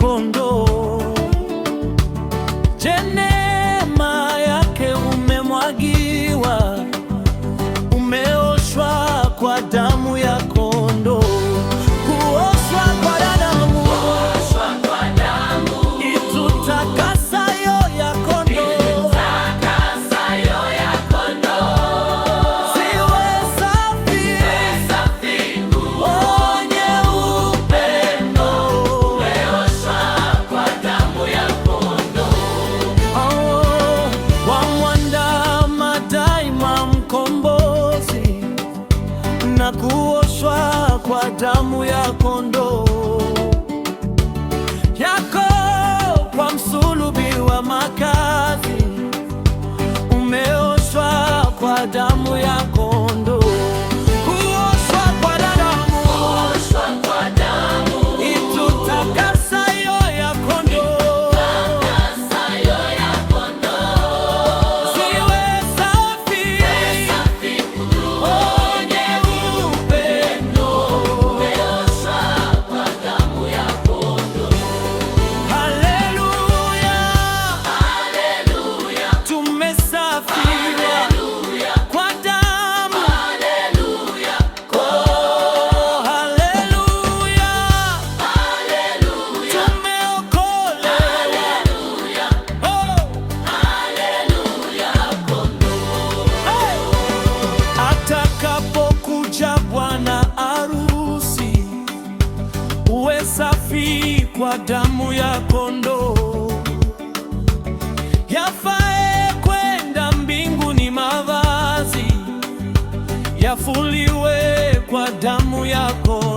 kondo. Je, neema yake umemwagiwa, umeoshwa kwa damu mwana kondoo iwe safi kwa damu ya kondoo, yafae kwenda mbinguni mavazi yafuliwe kwa damu yako.